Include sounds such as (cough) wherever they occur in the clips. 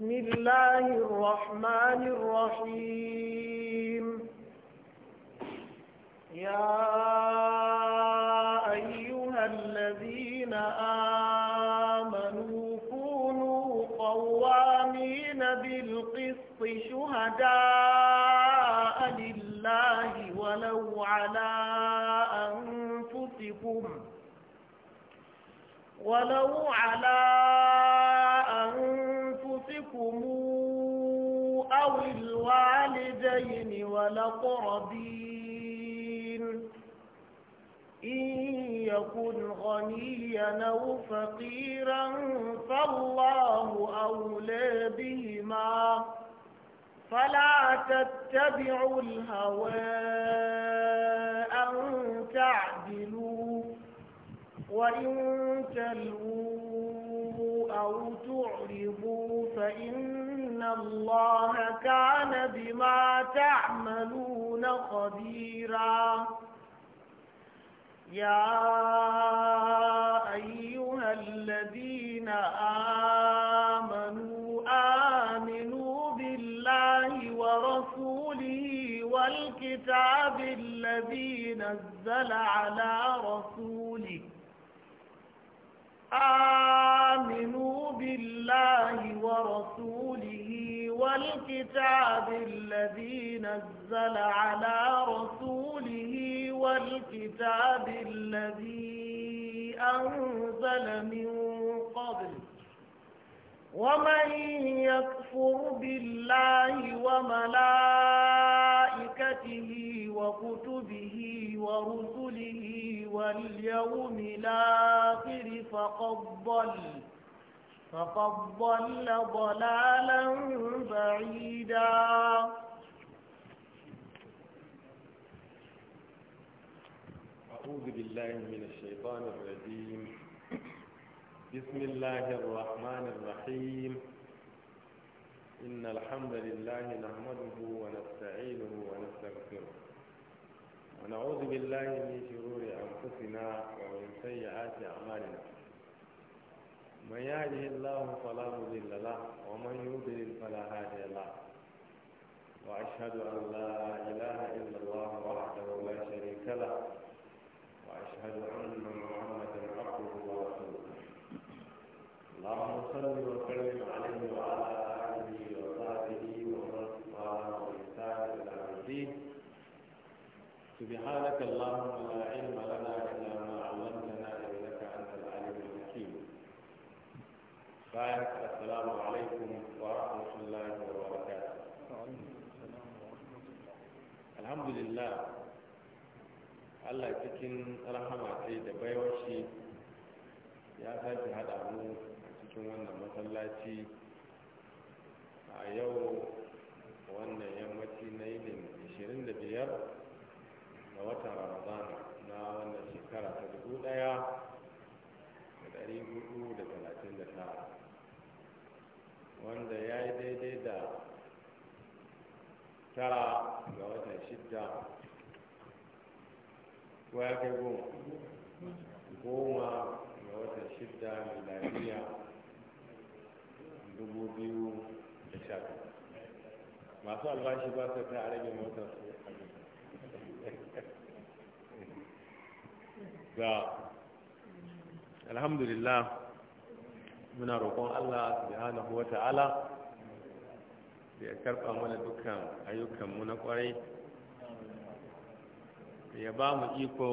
بسم الله الرحمن الرحيم يا أيها الذين آمنوا كونوا قوامين بالقسط شهداء لله ولو على أنفسكم ولو على الأقربين إن يكن غنيا أو فقيرا فالله أولى بهما فلا تتبعوا الهوى أن تعدلوا وإن تلووا أو تعرضوا فإن الله كان بما تعملون خبيرا يا أيها الذين آمنوا آمنوا بالله ورسوله والكتاب الذي نزل على رسوله آمنوا بالله ورسوله والكتاب الذي نزل على رسوله والكتاب الذي أنزل من قبل ومن يكفر بالله وملائكته وملائكته وكتبه ورسله واليوم الآخر فقد ضل فقد ضل ضلالا بعيدا أعوذ بالله من الشيطان الرجيم بسم الله الرحمن الرحيم إن الحمد لله نحمده ونستعينه ونستغفره ونعوذ بالله من شرور أنفسنا ومن سيئات أعمالنا من يهده الله فلا مضل له ومن يضلل فلا هادي له وأشهد أن لا إله إلا الله وحده لا شريك له وأشهد أن محمدا عبده ورسوله اللهم صل وسلم عليه وعلى آله سبحانك اللهم لا علم لنا إلا ما علمتنا إنك أنت العليم الحكيم بارك السلام عليكم ورحمة الله وبركاته الحمد لله Allah cikin rahama da baiwar ya sake haɗa mu a cikin wannan masallaci a yau wannan yammaci na yinin 25 ga watan ramadana na wannan shekara ta dubu daya da dari hudu da talatin da tara wanda ya yi daidai da tara ga watan shidda ko ya kai goma goma ga watan shidda miladiya dubu biyu da sha masu albashi ba su ta a rage motar su a ga alhamdulillah muna roƙon Allah subhanahu wa ta'ala da ya karɓa mana dukkan ayyukanmu na ƙwarai ya ba mu iko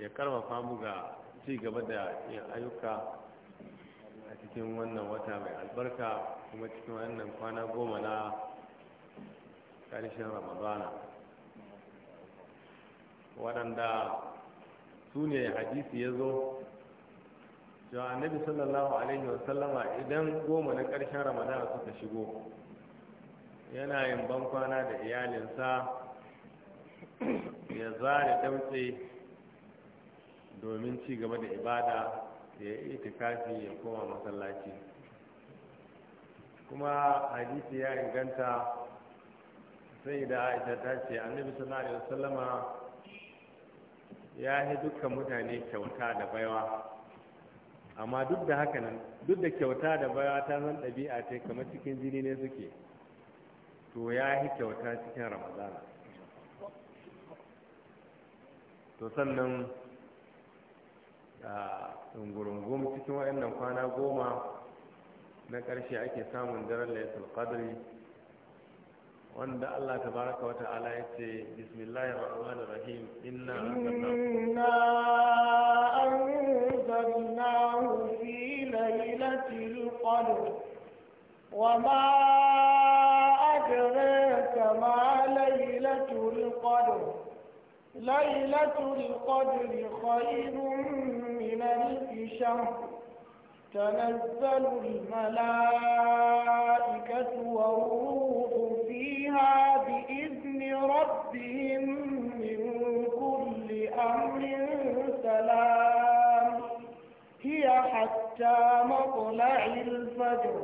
ya karɓa famu ga ci gaba da yin ayyuka a cikin wannan wata mai albarka kuma cikin wannan kwana goma na ƙarshen ramadana waɗanda su ne hadisi ya zo cewa annabi sallallahu alaihi wasallama idan goma na ƙarshen ramadana suka shigo yana yin bankwana da iyalinsa ya zare damtse domin ci gaba da ibada ya yi itikafi ya koma masallaci kuma hadisi ya inganta sai da aisha ta ce annabi sallallahu alaihi wasallama ya yi dukkan mutane kyauta da baiwa amma duk da haka nan duk da kyauta da baiwa ta zan ɗabi'a ce kamar cikin jini ne suke to ya yi kyauta cikin ramadana to sannan a ah, ɗungurungun cikin waɗannan kwana goma na ƙarshe ake samun daren laifin ƙadari. wanda Allah ta baraka wa ta'ala ya ce bismillahir rahmanir rahim inna inna anzalnahu fi lailatil qadr wa ma adraka ma lailatul qadr lailatul qadr khairun min alf shahr تنزل الملائكة والروح فيها بإذن ربهم من كل أمر سلام هي حتى مطلع الفجر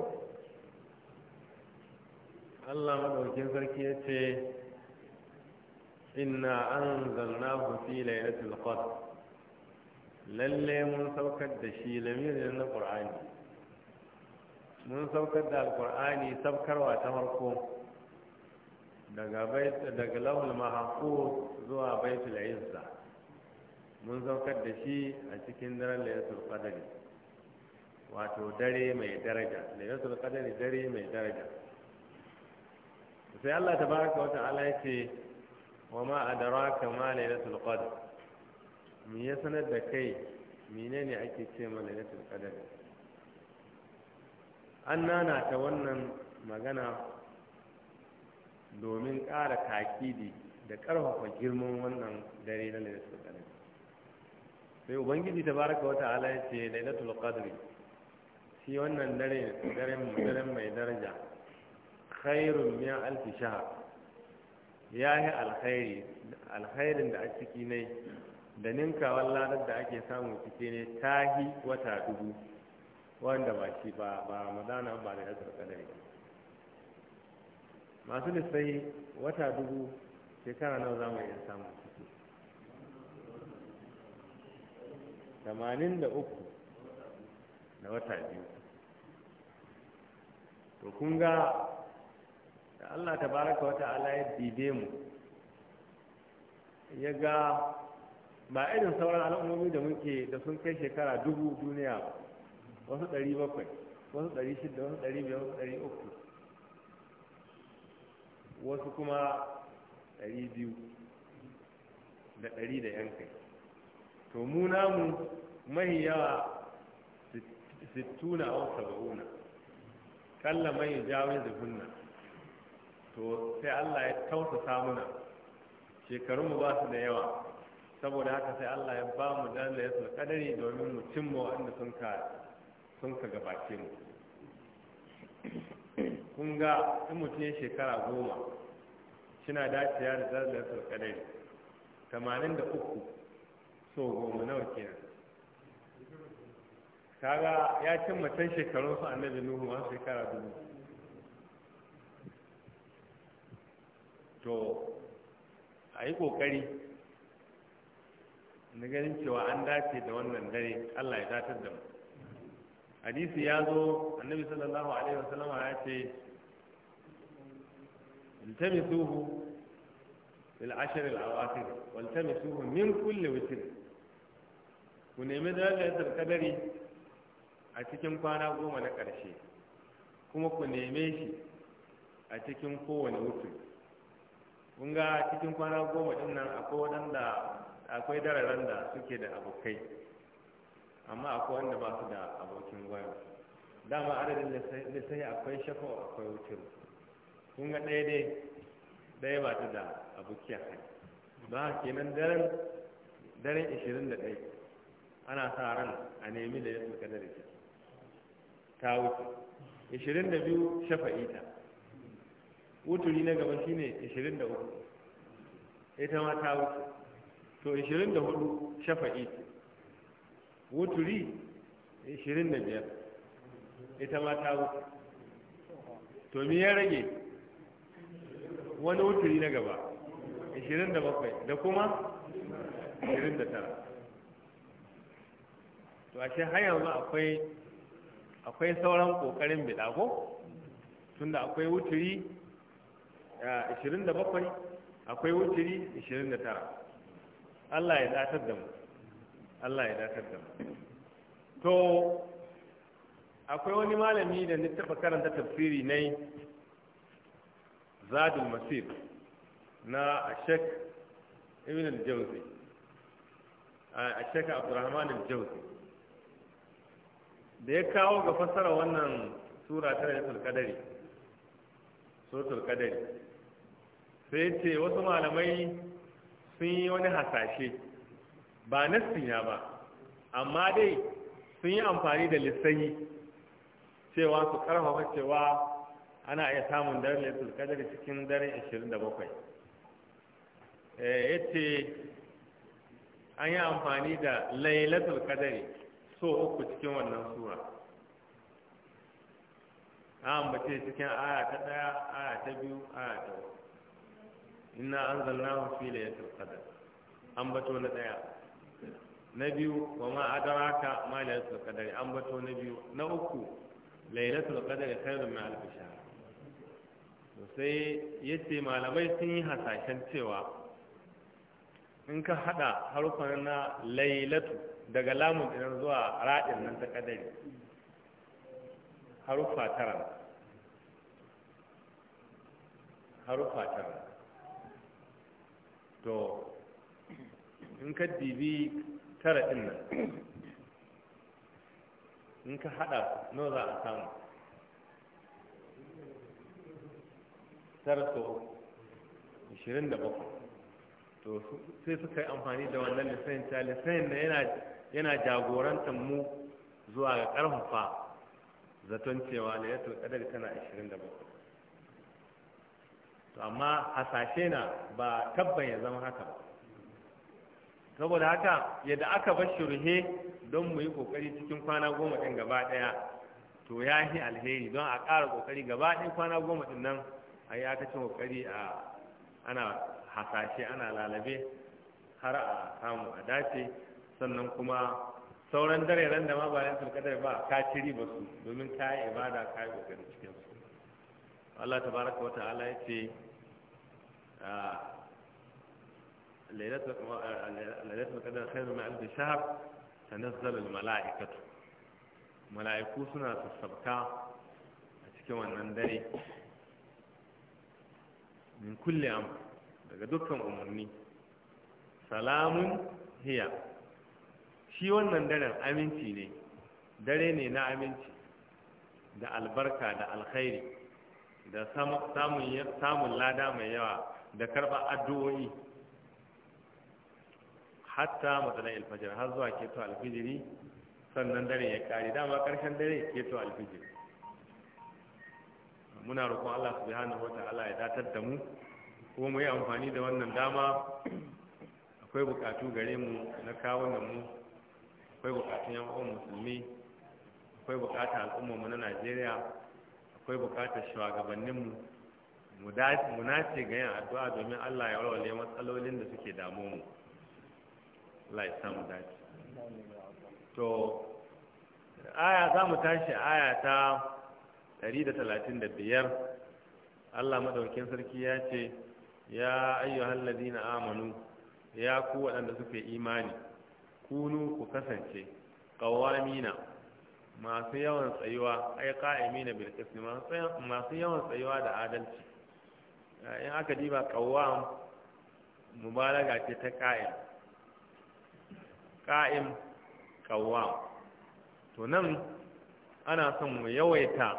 Allah madaukin sarki ya ce inna an zalna fi lailatul qadr lalle mun saukar da shi lamirin na qur'ani mun saukar da alqur'ani saukarwa ta farko daga bait daga mahfuz zuwa baitul izza mun saukar da shi a cikin daren laylatul qadari wato dare mai daraja qadari dare mai daraja sai Allah tabaraka wa ta'ala yace wa ma adraka ma laylatul qadr me ya sanar da kai menene ake ce ma laylatul qadari an nana ta wannan magana domin ƙara takidi da ƙarfafa girman wannan dare na lailatul qadr sai ubangiji ta wata wata ya ce lailatul qadr shi wannan dare daren mai daraja khairun min alfisha ya yi alkhairi alkhairin da a ciki ne da ninkawan ladar da ake samu ciki ne ta yi wata dubu wanda ba shi ba ba madana ba da yasar kadari masu lissai wata dubu shekara nawa za mu iya samu ciki tamanin da uku da wata biyu to kun ga da allah ta baraka wata ala ya dibe mu ya ga ba irin sauran al'ummomi da muke da sun kai shekara dubu duniya wasu ɗari bakwai wasu ɗari shida wasu ɗari biyar wasu ɗari uku wasu kuma ɗari biyu da ɗari da yankai. to mu namu mai yawa sittuna au saba'una kalla mai jawo da hunna to sai Allah ya tausasa muna shekarunmu ba su da yawa saboda haka sai Allah ya ba mu dan ya kadari domin mu cimma wanda sun ka sun ka gabace mu kun ga in mutum ya shekara goma shina daciya da zalatul kadari tamanin da uku so goma nawa kenan kaga ya cin mutum shekarun su annabi nuhu ma shekara dubu to a yi kokari na ganin cewa an dace da wannan dare allah ya zatar da mu hadisi ya zo annabi sallallahu alaihi wasallam ya ce iltamisuhu fil ashr al awakhir waltamisuhu min kulli witr ku nemi darajar kadari a cikin kwana goma na ƙarshe kuma ku neme shi a cikin kowane wutri kun ga cikin kwana goma din nan akwai waɗanda akwai dararen da suke da abokai amma akwai wanda ba su da abokin gwaya dama adadin da sai akwai shafa akwai wucin kun ga ɗaya dai ɗaya ba ta da abokiya kai ba kenan daren daren 21 ana sa ran a nemi da yadda kada da ciki ta wuce 22 shafa ita wuturi na gaba shine 23 ita ma ta wuce to 24 shafa ita. wuturi 25 ita ma ta wuce to mi ya rage wani wuturi na gaba 27 da kuma 29 to ashe har yanzu akwai akwai sauran kokarin bidago tunda akwai wuturi 27 akwai wuturi 29 Allah ya datar da mu Allah ya dakar da to akwai wani malami da ni taɓa karanta tafsiri ne zadul masir na ashek ibn al-jawzi ashek abdurrahman al-jawzi da ya kawo ga fassara wannan sura ta rayatul qadari suratul qadari sai ce wasu malamai sun yi wani hasashe ba ya ba amma dai sun yi amfani da lissani cewa su karfafa cewa ana iya samun daren laitul kadar cikin dare 27 eh, ya ce an yi amfani da lailatul kadari so uku cikin wannan sura an ce cikin aya ta daya aya ta biyu aya ta uku inna an zalna fi lailatul kadar an bato na daya na biyu wa ma adaraka ma lailatul qadari an bato na biyu na uku lailatul qadari khairun min alf shahr sai yace malamai sun yi hasashen cewa in ka hada harufan na lailatu daga lamun idan zuwa ra'in nan ta qadari harufa tara harufa tara to in ka dibi tara ɗin nan in ka haɗa nawa za a samu tara so 27 to sai suka yi amfani da wannan lissayin ta lissayin da yana jagorantar mu zuwa ga ƙarfafa zaton cewa na yato ƙadar tana 27 to amma hasashe na ba tabban ya zama haka ba saboda haka yadda aka bar shirhe don mu yi kokari cikin kwana goma ɗin gaba ɗaya to ya yi alheri don a ƙara kokari gaba ɗin kwana goma ɗin nan a yi aka cin kokari a ana hasashe ana lalabe har a samu a dace sannan kuma sauran dare ran da ma bayan tulkadar ba ka ci riba su domin ka yi ibada ka yi kokari cikin su Allah tabaraka wa ta'ala ya ce ah, lailatul qadr khairu min alf shahr tanazzalu al mala'ikatu mala'iku suna sassabta a cikin wannan dare min kulli daga dukkan umarni salamun hiya shi wannan daren aminci ne dare ne na aminci da albarka da alkhairi da samun lada mai yawa da karɓar addu'o'i hatta matsalan alfajir har zuwa keto alfijiri sannan dare ya kari dama karshen dare keto alfijiri muna roƙon Allah wata Allah ya datar da mu kuma mu yi amfani da wannan dama akwai bukatu gare mu na kawunan mu akwai buƙatun yan uwan musulmi akwai bukatar al'ummar mu na Najeriya akwai bukatar shugabannin mu mu nace ga yin addu'a domin Allah ya warware matsalolin da suke damu mu Allah ya samu dace to aya za mu tashi aya ta 135 Allah maɗaukin sarki ya ce ya ayyuhal na amanu ya ku waɗanda suka yi imani kunu ku kasance Mina masu yawan tsayuwa ai qa'imina bil qist masu yawan tsayuwa da adalci eh, in aka diba qawam mubalaga ce ta qa'im ƙa'im ƙawwa to nan ana son mu yawaita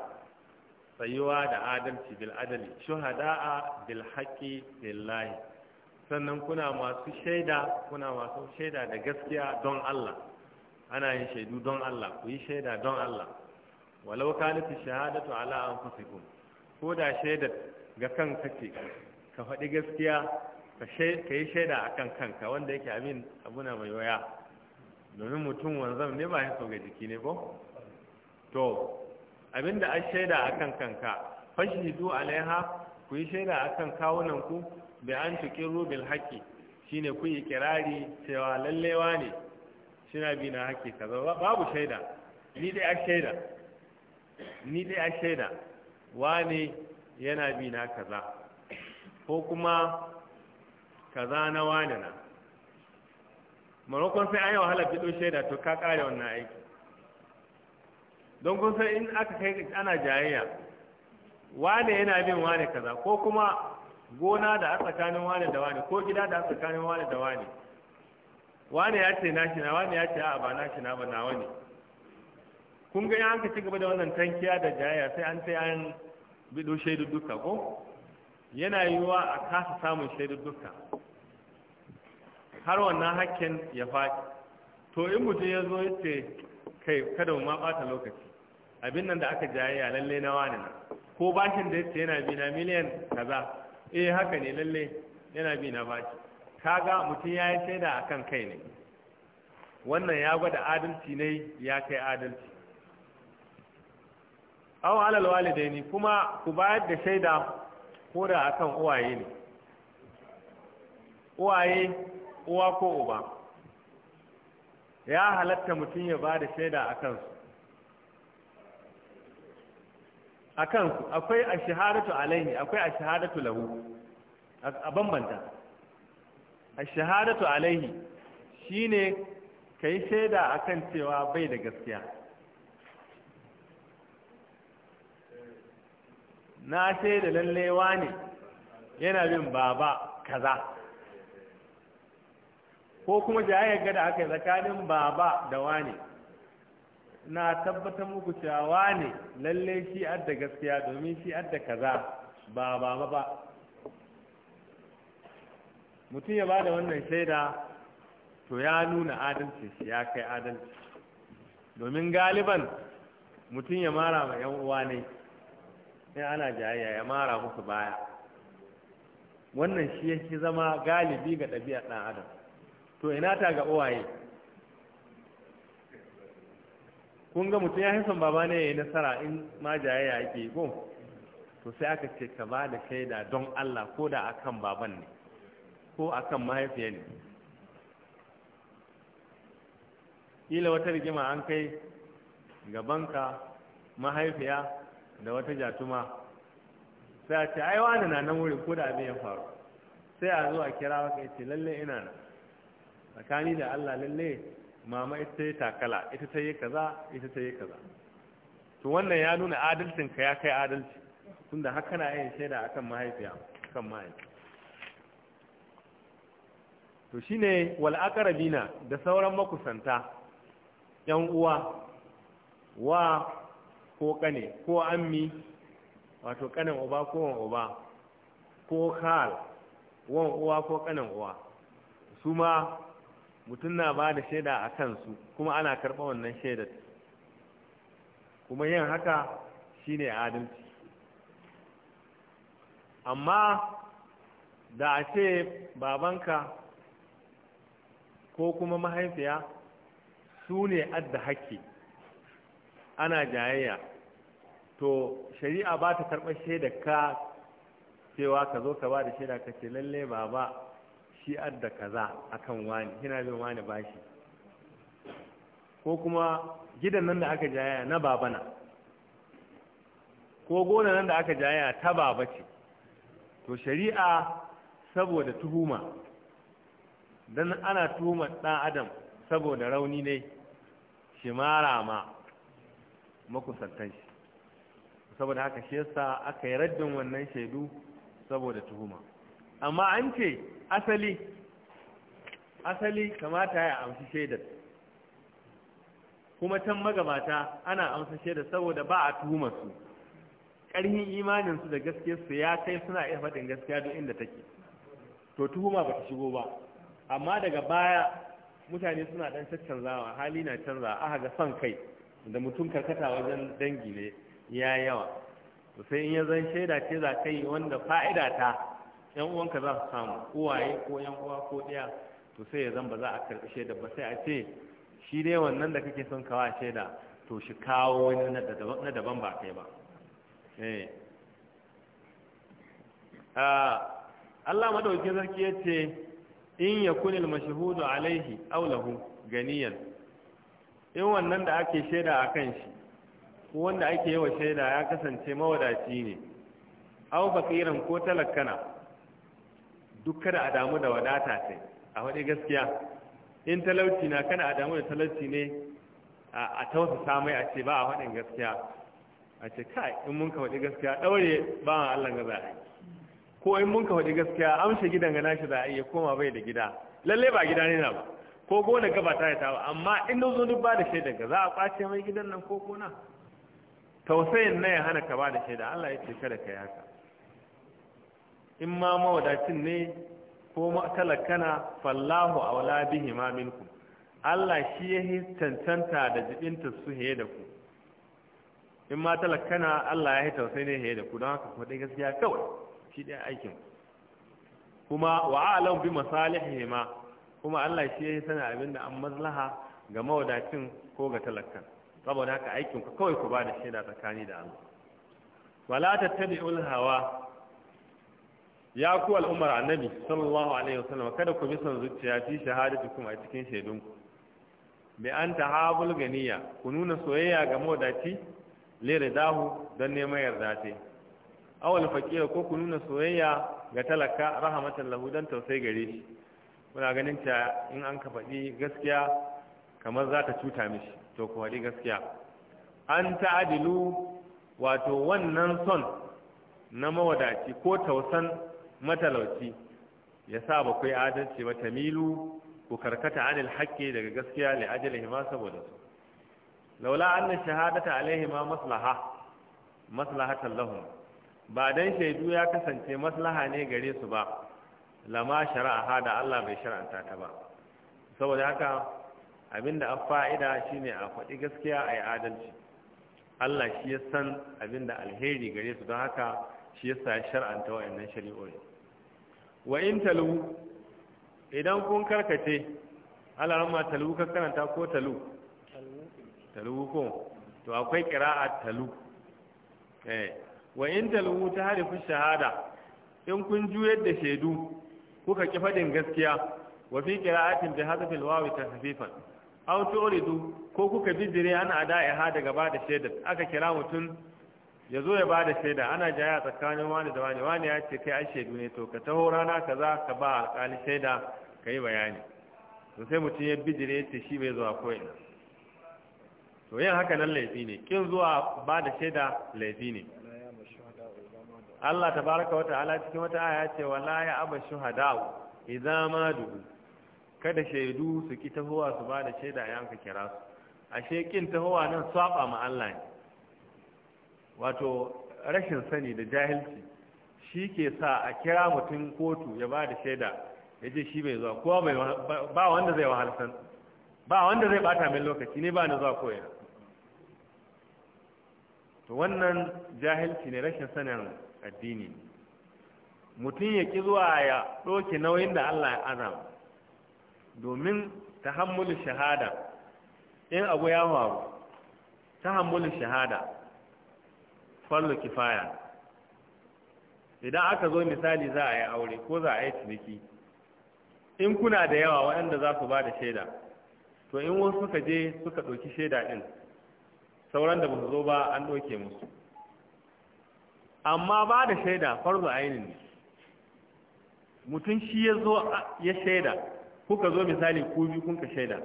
tsayuwa da adalci bil adali shuhada'a bil haqqi lillahi sannan kuna masu shaida kuna masu shaida da gaskiya don Allah ana yin shaidu don Allah ku yi shaida don Allah walau kanat shahadatu ala anfusikum ko da shaida ga kanka ce ka faɗi gaskiya ka yi shaida akan kanka wanda yake amin abuna mai waya domin mutum wanzan ne ba ya so ga jiki ne ba to abinda a shaida kan kanka fashidu alaiha ku yi shaida akan kawunan ku da an tukin rubin haƙi shine ku yi kirari cewa lallewa ne shina bi na haƙi kaza babu shaida ni dai a shaida ni dai a shaida wane yana bi na kaza ko kuma kaza na wane na maimakon sai an yi wahala bido shaida to ka kare wannan aiki don kun san in aka kai ana jayayya wane yana bin wane kaza ko kuma gona da a tsakanin wane da wane ko gida da a tsakanin wane da wane wane ya ce nashi na wane ya ce a ba nashi na ba na wane kun ga an ka ci gaba da wannan tankiya da jayayya sai an sai an bido shaidu duka ko yana yiwuwa a kasa samun shaidu duka har wannan hakkin ya faɗi to in mutum ya zo yace kai kada mu ma ɓata lokaci abin nan da aka jayayya lalle na wani na ko bashin da yace yana bi na miliyan kaza eh haka ne lalle yana bi na bashi kaga mutum ya yi shaida akan kai ne wannan ya gwada adalci ne ya kai adalci aw alal walidaini kuma ku bayar da shaida ko da akan uwaye ne uwaye uwa ko uba ya halatta mutum ya ba da shaida a kansu a kansu akwai a shahadatu alaihi akwai a shahadatu lahu a bambanta a shahadatu alaihi ne ka yi shaida a kan cewa bai da gaskiya na shaida lallewa ne yana bin baba kaza ko kuma ya gada aka yi tsakanin baba da wane na tabbatar muku cewa wane lalle shi adda gaskiya domin shi adda kaza ba baba ba mutum ya ba da wannan shaida to ya nuna adalci shi ya kai adalci domin galiban mutum ya mara ma 'yan uwa ne sai ana jayayya ya mara musu baya wannan shi yake zama galibi ga ɗabi'ar ɗan adam to ina ta ga uwaye kun ga mutum ya son baba ne ya yi nasara in ma jayayya ake ko to sai aka ce ka ba da shaida don Allah ko da akan baban ne ko akan mahaifiya ne Ila wata rigima an kai gabanka mahaifiya da wata jatuma sai a ce ai wani na nan wuri ko da abin ya faru sai a zo a kira waka ya ce lalle ina nan tsakani da Allah lalle mama ita yi takala ita ta yi kaza ita ta yi kaza to wannan ya nuna adalcin ka ya kai adalci tunda haka kana yin shaida akan mahaifiya kan mahaifi to shine wal aqrabina da sauran makusanta yan uwa wa ko kane ko ammi wato kanin uba ko wan uba ko kal wan uwa ko kanin uwa su ma mutum na ba da shaida a kansu kuma ana karɓa wannan shaidar kuma yin haka shine adalci amma da a ce babanka ko kuma mahaifiya su ne adda haƙƙi ana jayayya to shari'a ba ta karɓar shaida ka cewa ka zo ka ba da shaida ka ce lalle baba shi da kaza akan wani kina bin wani bashi ko kuma gidan nan da aka jaya na babana ko gona nan da aka jaya ta baba ce to shari'a saboda tuhuma don ana tuhumar ɗan adam saboda rauni ne shi mara ma makusantan shi saboda haka shi yasa aka yi raddin wannan shaidu saboda tuhuma amma an ce asali asali kamata ya amsa shaidar kuma can magabata ana amsa shaidar saboda ba a tuhumar su ƙarhin imaninsu da gaskiyarsu ya kai suna iya faɗin gaskiya duk inda take to tuhuma ba ta shigo ba amma daga baya mutane suna ɗan canzawa, hali na canza aka ga son kai da mutum karkata wajen dangi ne ya yawa to sai in ya zan shaida ce za kai wanda fa'ida ta yan uwanka za su samu uwaye ko yan uwa ko ɗaya to sai ya zan ba za a karɓi shaida ba sai a ce shi dai wannan da kake son kawo shaida to shi kawo wani na daban ba kai ba eh. ah, Allah madaukin sarki ya ce in ya kunil mashahudu alaihi aulahu ganiyan in wannan da ake shaida a kan shi ko wanda ake yi wa shaida ya kasance mawadaci ne au bakiran ko talakkana duk kada a damu da wadata sai a faɗi gaskiya in talauci na kada a damu da talauci ne a tausa samai a ce ba a faɗin gaskiya a ce kai in mun ka faɗi gaskiya ɗaure ba a Allah ga za a yi ko in mun ka faɗi gaskiya amshe gidan ga nashi za a iya koma bai da gida lalle ba gida ne na ba ko gona gaba ta ta ba amma in zo duk ba da shaidar ga za a kwace mai gidan nan ko gona tausayin na ya hana ka ba da shaida Allah ya ce kada ka yi haka in ma mawadacin ne ko talakana fallahu wala bihi ma minku Allah shi ya yi cancanta da jibinta su heye da ku in ma talakana Allah ya yi tausai ne heye da ku don haka kuma dai gaskiya kawai shi ɗaya aikin kuma wa alam bi masalihi ma kuma Allah shi ya sana abin da an maslaha ga mawadacin ko ga talakan saboda haka aikin ku kawai ku ba da shaida tsakani da Allah wala tattabi'ul hawa ya ku al'ummar annabi sallallahu alaihi wasallam kada ku bi son zuciya fi shahadatukum a cikin shaidunku bi an ta habul ganiya ku nuna soyayya ga mawadaci lere dahu don neman yarda ce awal fakira ko ku nuna soyayya ga talaka rahmatan lahu don tausayi gare shi muna ganin ta in an ka faɗi gaskiya kamar za ta cuta mishi to ku faɗi gaskiya an adilu wato wannan son na mawadaci ko tausan matalauci ya sa ba kai adalci ba tamilu ku karkata anil haƙƙi daga gaskiya li ajalihi ma saboda su laula anna shahadata alaihi ma maslaha maslahatan lahum ba dan shaidu ya kasance maslaha ne gare su ba lama shari'a hada Allah bai shar'anta ta ba saboda haka abinda an fa'ida shine a faɗi gaskiya a yi adalci Allah shi ya san abinda alheri gare su don haka shi yasa ya shar'anta wayannan shari'o'i wa in talu idan kun karkace alaran ma talu ka karanta ko talu talu ko to akwai qira'at talu eh wa in talu ta harfu shahada in kun juyar da shaidu kuka ki fadin gaskiya wa fi qira'atin bi hadfil wawi tahfifan aw turidu ko kuka bijire ana ha daga ba da shaidar aka kira mutum ya zo ya bada shaida ana jaya tsakanin wani da wani wani ya ce kai ai shaidu ne to ka taho rana ka za ka ba alƙali shaida ka yi bayani to sai mutum ya bijire ce shi bai zuwa ko'ina to yin haka nan laifi ne kin zuwa ba da shaida laifi ne Allah ta baraka wata ala cikin wata aya ce wala ya aba shuhada idza ma dubu. kada shaidu su ki tahowa su ba da shaida yanka kira su ashe kin tahowa nan saba ma Allah ne wato rashin sani da jahilci shi ke sa a kira mutum kotu ya ba da shaida ya je shi bai zuwa kowa ba wanda zai wahalsan ba wanda zai bata min lokaci ne ba na zuwa koya to wannan jahilci ne rashin sanin addini mutum ya ki zuwa ya ɗoke nauyin da Allah ya azama domin ta tahammulu shahada in abu ya faru tahammulu shahada fallo kifaya idan aka zo misali za a yi aure ko za a yi ciniki in kuna da yawa waɗanda za su ba da shaida to in wasu suka je suka ɗauki shaida ɗin sauran da ba su zo ba an ɗauke musu amma ba da shaida farzu ainihin ne mutum shi ya zo ya shaida kuka zo misali ku biyu kun shaida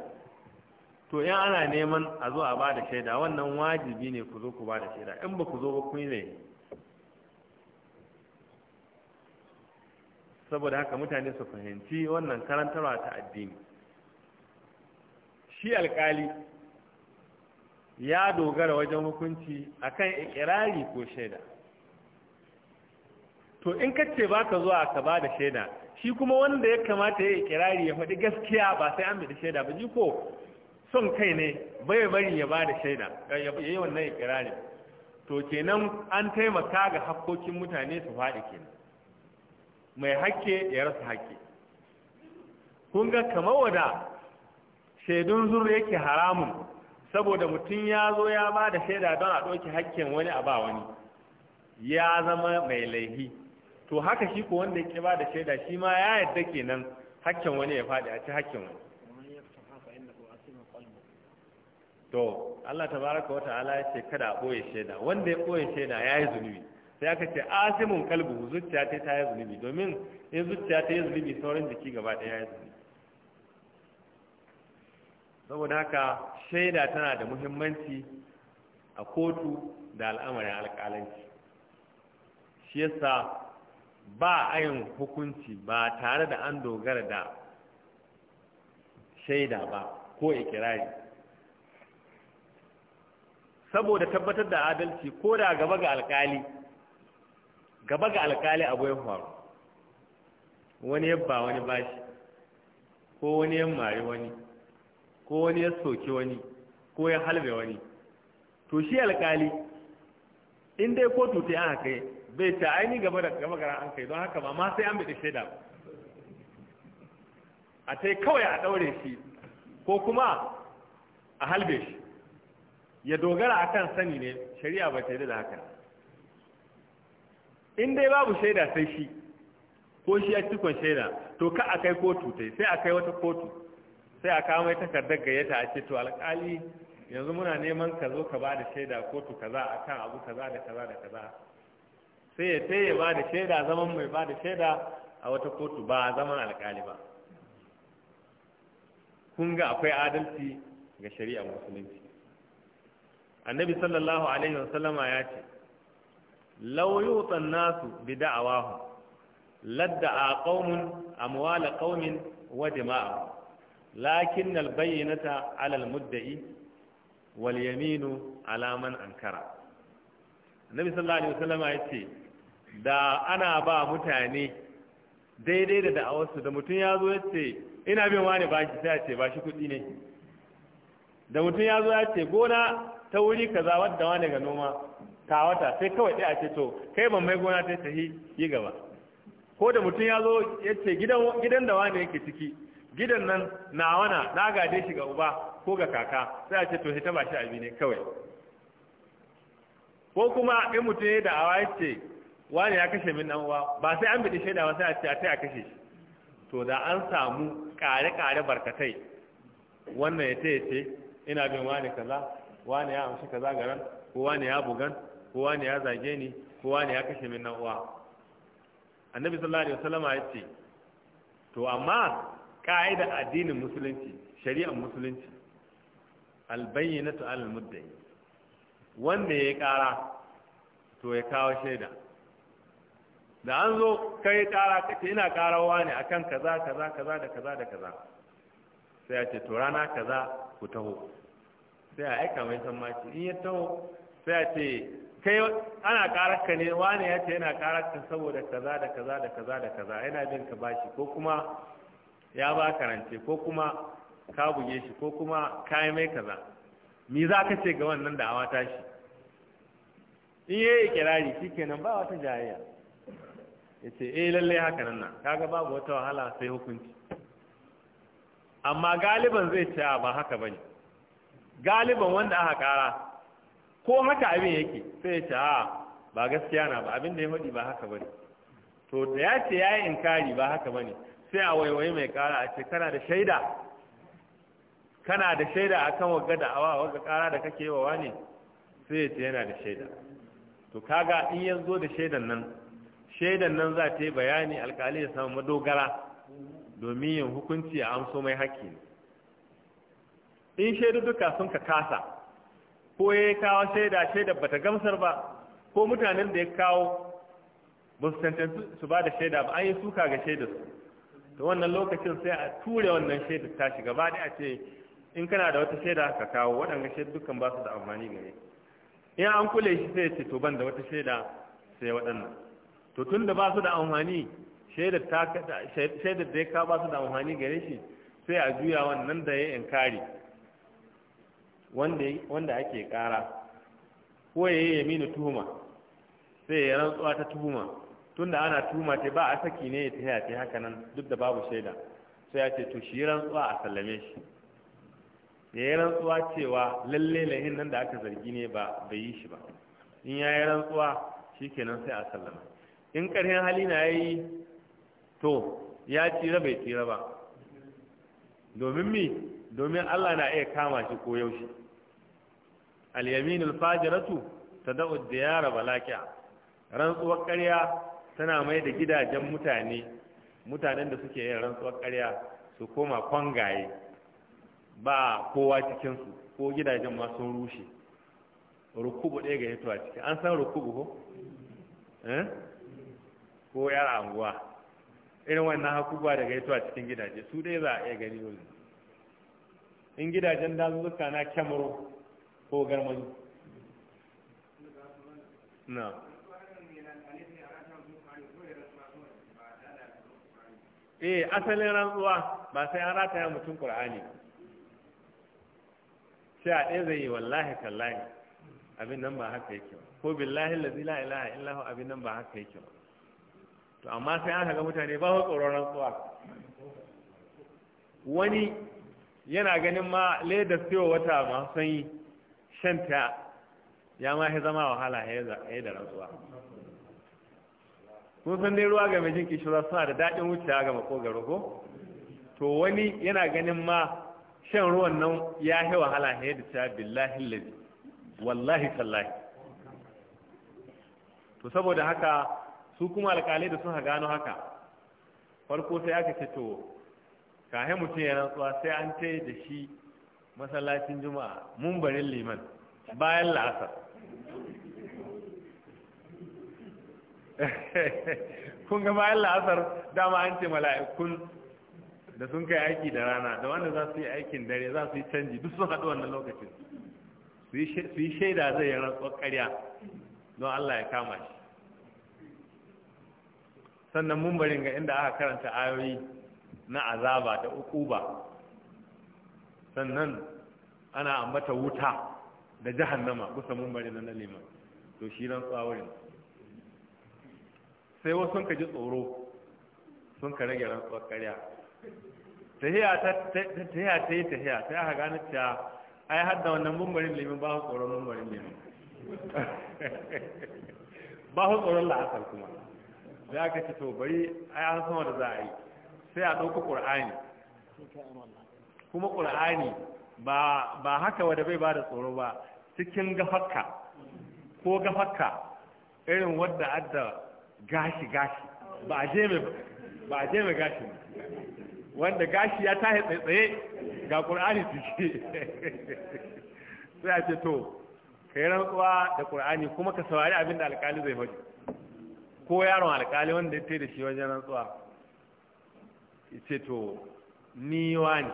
to in ana neman a zo a bada shaida wannan wajibi ne ku zo ku bada shaida in ba ku zo ba kun ne saboda haka mutane su fahimci wannan karantarwa ta addini shi alkali ya dogara wajen hukunci akan ikirari ko shaida to in ka ce baka zuwa ka bada shaida shi kuma wanda ya kamata ya ikirari ya faɗi gaskiya ba sai an bi shaida ba ji ko son kai ne bai bari ya da shaida ya yi wannan ikirarin to kenan an taimaka ga hakkokin mutane su faɗi kenan mai hakke ya rasa hakke kun ga kamar wada shaidun zur yake haramun saboda mutum ya zo ya ba da shaida don a ɗauki hakken wani a ba wani ya zama mai laifi. to haka shi ko wanda ya ba da shaida shi ma ya yadda kenan hakken wani ya faɗi a ci hakken wani to Allah tabaraka wa ta'ala ya ce kada a ɓoye shaida wanda ya ɓoye shaida ya yi zunubi sai aka ce asimun kalbu zuciya ta ta yi zunubi domin in zuciya ta yi zunubi sauran jiki gaba ɗaya ya yi zunubi saboda haka shaida tana da muhimmanci a kotu da al'amarin alƙalanci shi yasa ba ayin hukunci ba tare da an dogara da shaida ba ko ikirari saboda tabbatar da adalci ko da gaba ga alkali gaba ga alkali abu ya faru wani ya ba wani bashi ko wani ya mari wani ko wani ya soke wani ko ya halbe wani to shi alkali in dai kotu ta aka kai bai ta aini gaba da gaba gara an kai don haka ba ma sai an bada shaida a ta yi kawai a ɗaure shi ko kuma a halbe shi ya dogara akan sani ne shari'a ba ta yi da haka in dai babu shaida sai shi ko shi ya cikon shaida to ka a kai kotu ta, sai a kai wata kotu sai a kawo mai takardar gayyata a ce to alkali yanzu muna neman ka zo ka ba da shaida kotu kaza akan abu kaza da kaza da kaza sai ya sai ya ba da shaida zaman mai ba da shaida a wata kotu ba zaman alkali ba kun ga akwai adalci ga shari'a musulunci annabi sallallahu alaihi wasallama ya ce law nasu bi da'awahu ladda qaumun amwala qaumin wa jama'a, lakin al bayyinata ala al mudda'i wal yaminu ala man ankara annabi sallallahu alaihi wasallama ya ce da ana ba mutane daidai da da'awarsu da mutum ya zo ya ce ina bin wani bashi sai ya ce bashi kuɗi ne da mutum ya zo ya ce gona ta wuri kaza wadda wani ga noma ta wata sai kawai ɗaya ce to kai ban mai gona ta tafi yi gaba ko da mutum ya zo ya ce gidan da wani yake ciki gidan nan na wana na gade shi ga uba ko ga kaka sai a ce to ta ba shi abi ne kawai ko kuma in mutum ya da awa ya ce wani ya kashe min dan uwa ba sai an bidi shaida sai a ce a tai a kashe shi to da an samu kare kare barkatai wannan ya ce ina bin wani kaza wani ya amshi kaza garan ko wani ya bugan ko wani ya zage ni ko wani ya kashe min uwa annabi sallallahu alaihi wasallam ya ce to amma ka'ida addinin musulunci shari'ar musulunci bayyinatu al muddai wanda ya kara to ya kawo shaida da an zo kai kara kace ina karawa ne akan kaza kaza kaza da kaza da kaza sai ya ce to rana kaza ku taho sai a aika mai san maci in ya taho sai a ce kai ana karar ka ne wani ya ce yana karar ka saboda kaza da kaza da kaza da kaza yana bin ka bashi ko kuma ya ba karance ko kuma ka buge shi ko kuma ka yi mai kaza me za ka ce ga wannan da awa tashi in ya yi kirari kenan ba wata jayayya ya ce eh lallai haka nan kaga babu wata wahala sai hukunci amma galiban zai ce ba haka bane galiban wanda aka kara ko haka abin yake sai ya ce a ah, ba gaskiya na ba abin da ya faɗi ba haka bane to da ya ce yayi inkari ba haka bane sai a waiwaye mai kara a ce kana da shaida kana da shaida akan wagga da awa wagga kara da kake yi wa wani sai ya ce yana da shaida to kaga in ya zo da shaidan nan shaidan nan za ta yi bayani alkali ya samu madogara domin yin hukunci a amso mai haƙƙi ne in shaidu duka sun ka kasa ko ya kawo shaida shaida bata gamsar ba ko mutanen da ya kawo ba su tantance su ba da shaida ba an yi suka ga shaida su to wannan lokacin sai a ture wannan shaida ta shiga ba a ce in kana da wata shaida ka kawo waɗanga shaidu dukkan ba su da amfani gare in an kule shi sai ce to ban da wata shaida sai waɗannan to tun da ba su da amfani shaidar da ya kawo ba su da amfani gare shi sai a juya wannan da ya inkari wanda ake kara ko ya yi yaminu tuhuma sai ya rantsuwa ta tuhuma tunda ana tuhuma ta ba a saki ne ya taya ce haka nan duk da babu shaida sai ya ce to shi rantsuwa a sallame shi ya yi rantsuwa cewa lalle lahin nan da aka zargi ne ba bai yi shi ba in ya yi rantsuwa shikenan sai a sallama in ƙarfin hali na yi to ya tsira bai tsira ba domin mi domin Allah na iya kama shi ko yaushe al-yaminul fajiratu tad'u ad-diyara balaki'a rantsuwar ƙarya tana mai da gidajen mutane mutanen da suke yin rantsuwar ƙarya su koma kwangaye ba kowa cikinsu, ko gidajen ma sun rushe rukubu ɗaya ga hitowa ciki an san rukubu ko eh ko yar anguwa irin wannan hakuba daga hitowa cikin gidaje su dai za a iya gani yanzu in gidajen dazuzzuka na kyamaro ko garmazu na eh asalin rantsuwa ba sai an rataya mutum ƙur'ani sai a ɗaya zai yi wallahi kallahi abin nan ba haka yake ba ko billahi lazi la ilaha illahu abin nan ba haka yake ba to amma sai aka ga mutane ba su tsoron rantsuwa wani yana ganin ma ledar siyo wata masu sanyi shanta ya ma zama wahala ya yi da rantsuwa kun san dai ruwa ga mai jin kishirwa suna da daɗin wucewa ga makogaro ko to wani yana ganin ma shan ruwan nan ya yi wahala ya da cewa billahi lalzi wallahi sallahi. to saboda haka su kuma alƙalai da sun gano haka farko sai aka ce to kahe mutum ya rantsuwa sai an ce da shi masallacin juma'a mun barin liman bayan la'asar (laughs) kun ga bayan la'asar dama an ce mala'ikun da sun kai aiki da rana da wanda za su yi aikin dare za su yi canji duk sun haɗu wannan lokacin su yi shaida zai yi rantsuwar ƙarya don Allah ya kama shi sannan mun barin ga inda aka karanta ayoyi na azaba da ukuba sannan ana ambata wuta da jahannama kusa mun bari na neman to shi ran tsawarin sai wasu ka ji tsoro sun ka rage ran tsawar karya tahiya ta yi tahiya sai aka gane cewa ai har da wannan mumbarin limin ba su tsoron mumbarin limin (laughs) ba su tsoron la'asar kuma sai aka ci to bari ai an sama da za a yi sai a ɗauka ƙur'ani kuma qur'ani ba ba haka wanda bai bada tsoro ba cikin gafakka ko gafakka irin wadda adda gashi gashi ba a je mai ba a je mai gashi wanda gashi ya tahi tsaye ga ƙur'ani ciki sai a ce to kai rantsuwa da ƙur'ani kuma ka saurari abin da alƙali zai faɗi ko yaron alƙali wanda ya da shi wajen rantsuwa ce to ni wa ne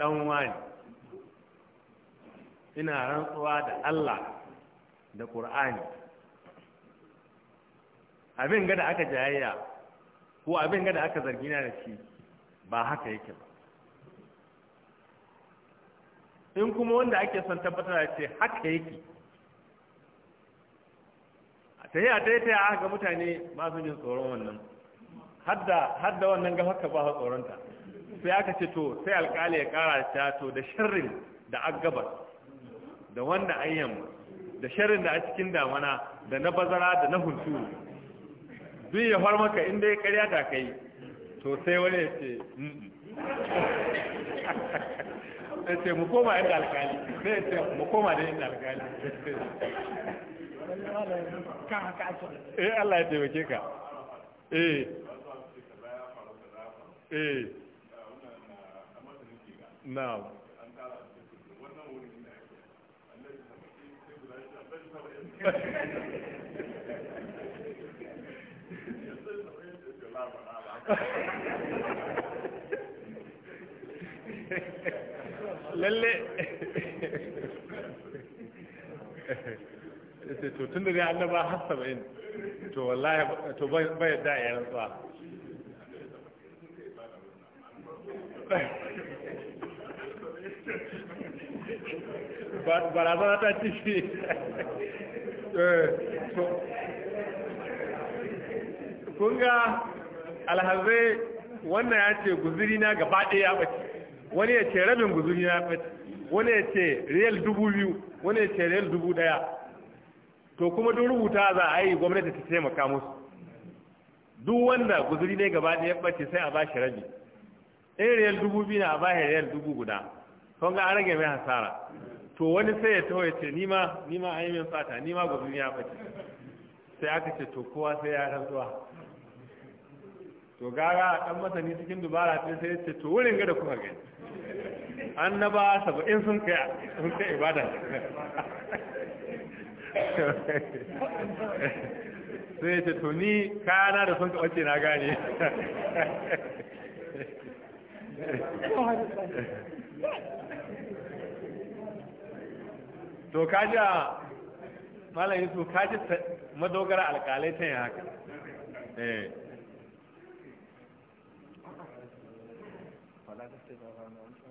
ɗan wani ina rantsuwa da Allah da ƙur'ani abin ga da aka jayayya ko abin ga da aka zargina da shi ba haka yake ba in kuma wanda ake son tabbatar da ce haka yake a ta yi a ta yi ta aka mutane masu jin tsoron wannan hadda wannan ga haka ba tsoronta sai aka ce to sai alkali ya kara ta to da sharrin da agabar da wanda an da sharrin da a cikin damana da na bazara da na hunturu duk ya far maka inda ya karya ta kai to sai wani ya ce (laughs) ya ce mu koma inda alkali sai ya ce mu koma da inda alkali (laughs) eh Allah ya taimake ka eh eh na'am lalle to tun da har saba'in to wallahi to bai da yaran tsawa Kunga ta ci shi eh, kun alhazai wannan ya ce guzuri na gaba ɗaya ya ɓace wani ya ce rabin guzuri na ɓace wani ya ce riyal dubu biyu wani ya ce riyal dubu ɗaya to kuma duk rubuta za a yi gwamnati ta taimaka musu duk wanda guzuri ne gaba ɗaya ɓace sai a ba shi rabi in riyal dubu biyu na a ba shi riyal dubu guda kun an rage mai hasara to wani sai ya taho ya ce nima nima an yi min fata nima gudun ya faci sai aka ce to kowa sai ya rantsuwa to gara dan masani cikin dubara sai sai ce to wurin ga kuka gani annaba saba'in sun kai sun kai ibada sai ce to ni kayana da sun kawace na gane to kaji a malam yusuf kaji madogara alkalai ta yi haka eh.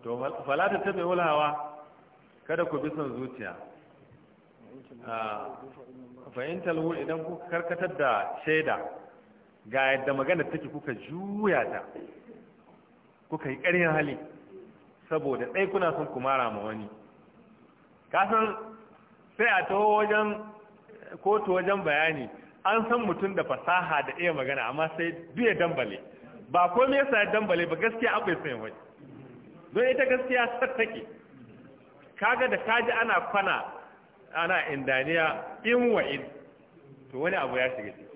to fala ta mai wulawa, kada ku bi son zuciya ah, fahimtar hu idan ku karkatar da shaida ga yadda magana take kuka juya ta kuka yi ƙarin hali saboda ɗai kuna son kumara ma wani kasan sai a taho wajen kotu wajen bayani an san mutum da fasaha da iya magana amma sai duya dambale ba komai yasa ya dambale ba gaskiya akwai sai wani don ita gaskiya sar take kaga da kaji ana kwana ana indaniya in wa in to wani abu ya shiga ciki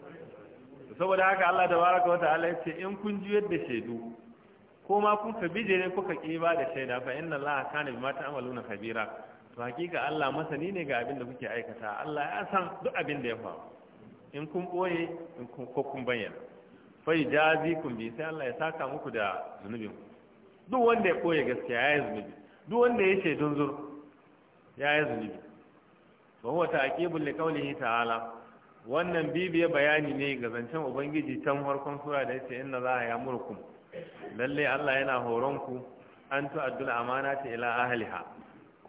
saboda haka Allah tabaraka wa ta'ala ya ce in kun ji yadda shaidu ko ma kun ka bije ne kuka kiba da shaida fa inna Allah kana bima ta'maluna khabira to hakika Allah masani ne ga abin da kuke aikata Allah ya san duk abin da ya faru in kun boye in kun ko kun bayyana fai jazi kun bi sai Allah ya saka muku da zunubin duk wanda ya boye gaskiya ya yi zunubi duk wanda ya ce don ya yi zunubi to huwa ta'qibul liqawlihi ta'ala wannan bibiya bayani ne ga zancen ubangiji can farkon sura da yace inna za ya murkum lalle Allah yana horon ku an tu'addul amanati ila ahliha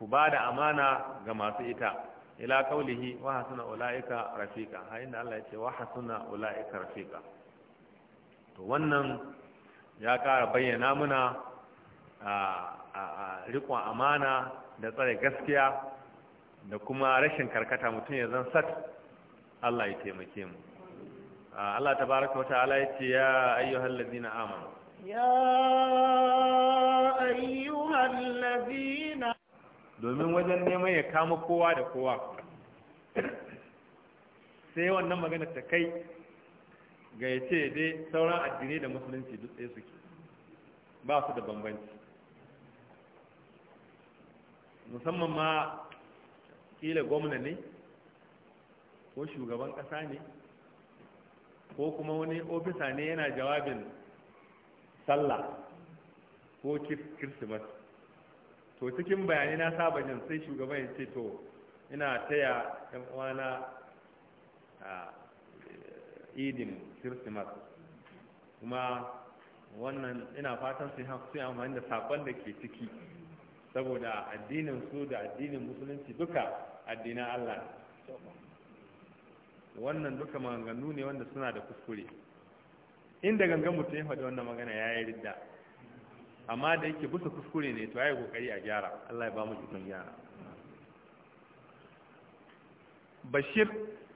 ku ba da amana ga masu ita ila kaulihi wa hasuna ula'ika rafiqa ha inda Allah yake wa hasuna ula'ika rafiqa to wannan ya ƙara bayyana muna a rikon amana da tsare gaskiya da kuma rashin karkata mutum ya zan sat Allah ya taimake mu Allah tabaraka wa ta'ala ya ce ya ayyuhal ladina amanu ya ayyuhal ladina domin wajen neman ya kama kowa da kowa sai wannan magana ta kai ga ya ce dai sauran addini da musulunci duk sai suke ba su da bambanci musamman ma kila gwamna ne ko shugaban ƙasa ne ko kuma wani ofisa ne yana jawabin sallah ko kirsimas to cikin bayanai na saba jin sai shugaban ya ce to ina taya yan uwana a idin kirsimas kuma wannan ina fatan su yi amfani da sakon da ke ciki saboda addinin su da addinin musulunci duka addinan allah wannan duka maganganu ne wanda suna da kuskure inda gangan mutum ya faɗi wannan magana ya yi ridda amma da yake busa kuskure ne to ayi kokari a gyara Allah ya ba mu jikin gyara bashir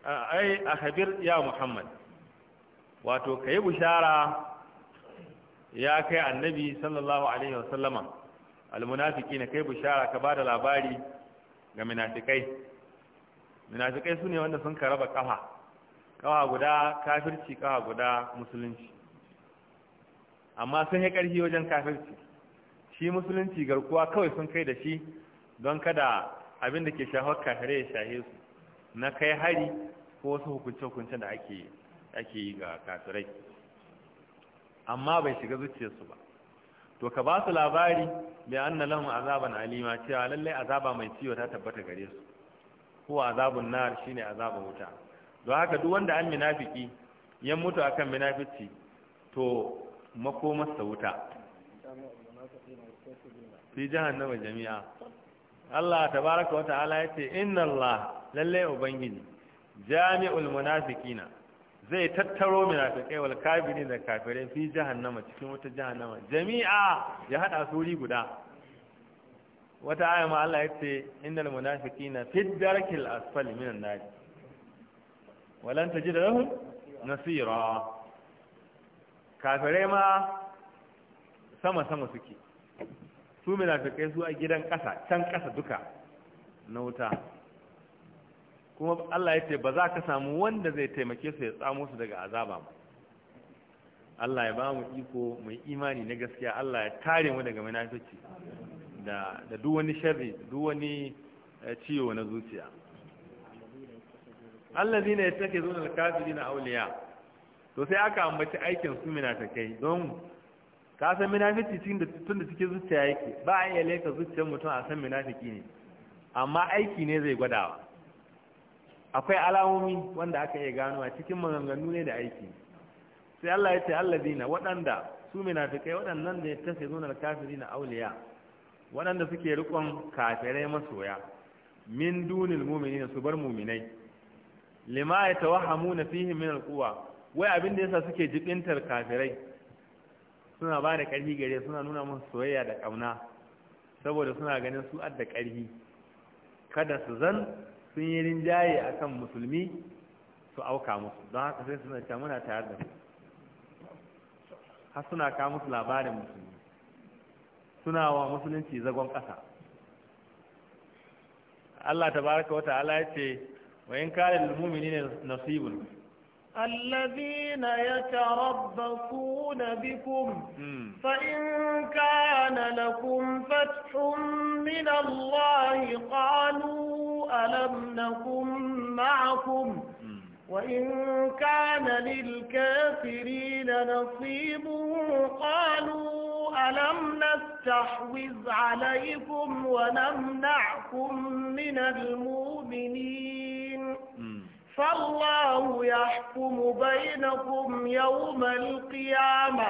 ai a khabir ya muhammad wato kai bushara ya kai annabi sallallahu alaihi wa almunafiki almunafiqina kai bushara ka bada labari ga munafikai munafikai sune wanda sun karaba kafa kafa guda kafirci kafa guda musulunci amma sun yi ƙarfi wajen kafirci shi musulunci garkuwa kawai sun kai da shi don kada abin da ke shahar kafirai ya shahe su na kai hari ko wasu hukunce-hukunce da ake yi ga kafirai amma bai shiga zuciyarsu ba to ka ba su labari bai na lamun azaban alima cewa lallai azaba mai ciwo ta tabbata gare su ko azabun nar shine azabun wuta don haka duk wanda an minafiki ya mutu akan minafici to makomarsa wuta fi jahannama jami'a Allah tabaraka wa ta'ala yace inna Allah lalle ubangiji jami'ul munafiqina zai tattaro munafiqai wal kafirin da kafirai fi jahannama cikin wata jahannama jami'a ya hada su guda wata aya ma Allah yace innal munafiqina fi darkil asfali minan nar walan tajid lahum nasira kafirai ma sama-sama suke su munafikai su a gidan ƙasa can ƙasa duka na wuta kuma Allah ya ce ba za ka samu wanda zai taimake su ya tsamo su daga azaba ba Allah ya ba mu iko mai imani na gaskiya Allah ya tare mu daga munafici da da duk wani sharri duk wani eh, ciwo na zuciya Allah allazina yattakhizuna al-kafirina awliya to sai aka ambaci aikin su kai don ka san munafiki cikin da tun da cikin zuciya yake ba a iya leka zuciyar mutum a san munafiki ne amma aiki ne zai gwadawa akwai alamomi wanda aka iya gano a cikin maganganu ne da aiki sai Allah ya ce allazina waɗanda su munafikai waɗannan da ya tafi zunar kafiri na auliya waɗanda suke rikon kafirai masoya min dunil mu'minina su bar mu'minai lima na fihi min alquwa wai abin da yasa suke jibintar kafirai suna ba da ƙarfi gare suna nuna musu soyayya da ƙauna saboda suna ganin su adda ƙarfi kada su zan sun yi rinjaye a kan musulmi su auka musu don haka sai suna ce muna tayar da su har suna kawo musu labarin musulmi suna wa musulunci zagon ƙasa Allah tabaraka wa ta'ala ya ce wa in kana lil mu'minina nasibun الذين يتربصون بكم فإن كان لكم فتح من الله قالوا ألم نكن معكم وإن كان للكافرين نصيب قالوا ألم نستحوذ عليكم ونمنعكم من المؤمنين فالله يحكم بينكم يوم القيامة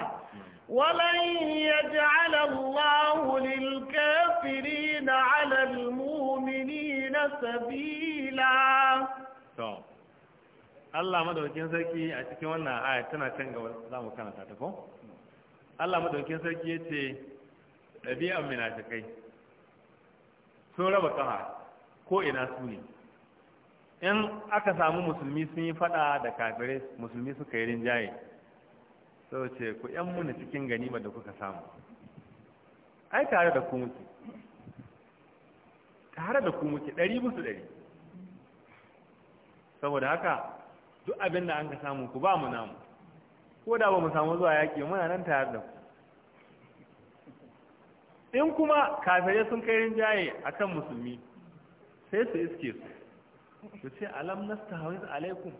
ولن يجعل الله للكافرين على المؤمنين سبيلا Allah madaukin sarki a cikin wannan aya tana kan gaba za mu karanta ta ko? Allah madaukin sarki ya ce ɗabi'an munafikai sun raba kaha ko ina su ne in aka samu musulmi sun yi fada da kafirai musulmi suka yi rinjaye sau ce ku yan muna cikin ganima da kuka samu ai tare da ku muke tare da ku muke ɗari musu ɗari saboda haka duk abin da an ka samu ku ba mu namu ko da ba mu samu zuwa yaƙi muna nan tare da ku in kuma kafirai sun kai rinjaye akan musulmi sai su iske su to ce alam nastahwiz alaikum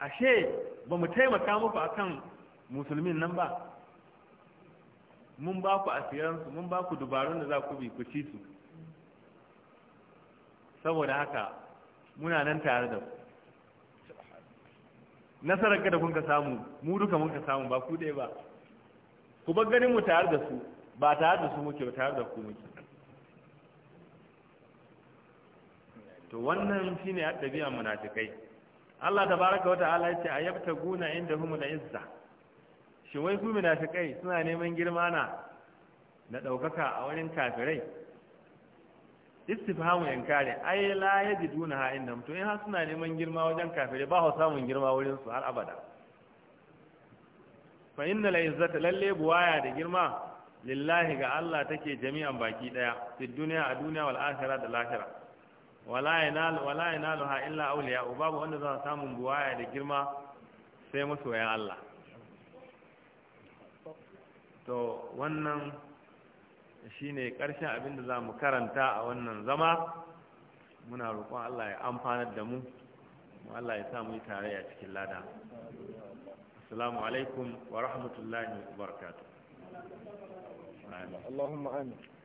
ashe ba mu taimaka muku akan musulmin nan ba mun ba ku asiransu mun ba ku dubarun da za ku bi ku ci su saboda haka muna nan tare da ku nasarar ka da kun ka samu mu duka mun ka samu ba ku ɗaya ba ku bar ganin mu tare da su ba tare da su muke ba tare da ku muke to wannan shine ɗabi'an munafikai Allah Ta baraka wata'ala inda humu indahumul izza shi wai ku munafikai suna neman girma na na ɗaukaka a wurin kafirai istifhamu inkari ai la yajiduna ha inda to in har suna neman girma wajen kafirai ba su samun girma wurin su har abada fa innal izzata lalle buwaya da girma lillahi ga Allah take jami'an baki daya fi duniya a duniya wal akhirah da lahira wala yanalu ha illa auliya babu wanda za samun buwaya da girma sai masoyan Allah to wannan shine karshen abin da za mu karanta a wannan zama muna roƙon Allah ya amfanar da mu Allah ya sa mu yi a cikin lada assalamu alaikum wa rahmatullahi wa barakatuh اللهم آمين